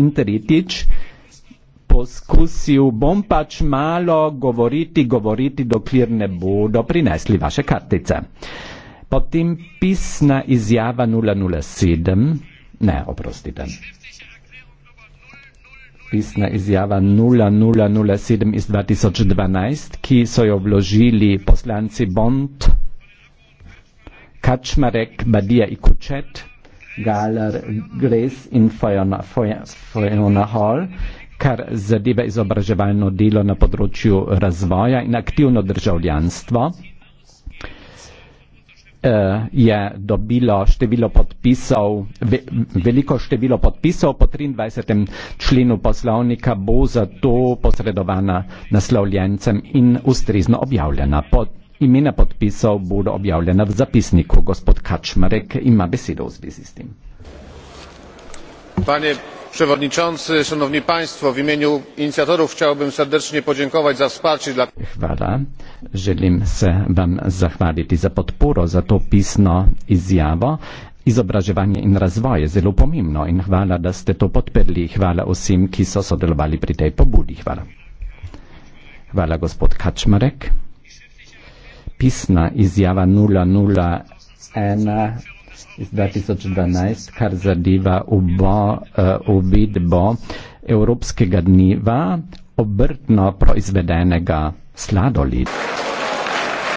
Interitič poskusil, bom pač malo govoriti, govoriti, dokler ne bodo prinesli vaše kartice. Potem pisna izjava 007, ne, oprostite. Pisna izjava 0007 iz 2012, ki so jo vložili poslanci Bond, Kačmarek, Badija in Kučet, Galer, Gres in Fiona, Fiona Hall, kar zadeva izobraževalno delo na področju razvoja in aktivno državljanstvo. Eh, je dobilo število podpisov, veliko število podpisov po 23. členu poslovnika bo zato posredovana naslovljencem in ustrezno objavljena. Po Imena podpisov bodo objavljena v zapisniku. Gospod Kačmarek ima besedo v zvezi s tem. Panie przewodniczący, szanowni państwo, w imieniu inicjatorów chciałbym serdecznie podziękować za wsparcie dla. Chwala. Żelim se wam zachwalić za podporo, za to pismo i zjawo. Izobraževanje in razvoj je zelo pomembno in hvala, da ste to podprli. Hvala vsem, ki so sodelovali pri tej pobudi. Hvala. Hvala, gospod Kačmarek pisna izjava 001 iz 2012, kar zadeva eh, uvidbo uh, evropskega dneva obrtno proizvedenega sladoleda.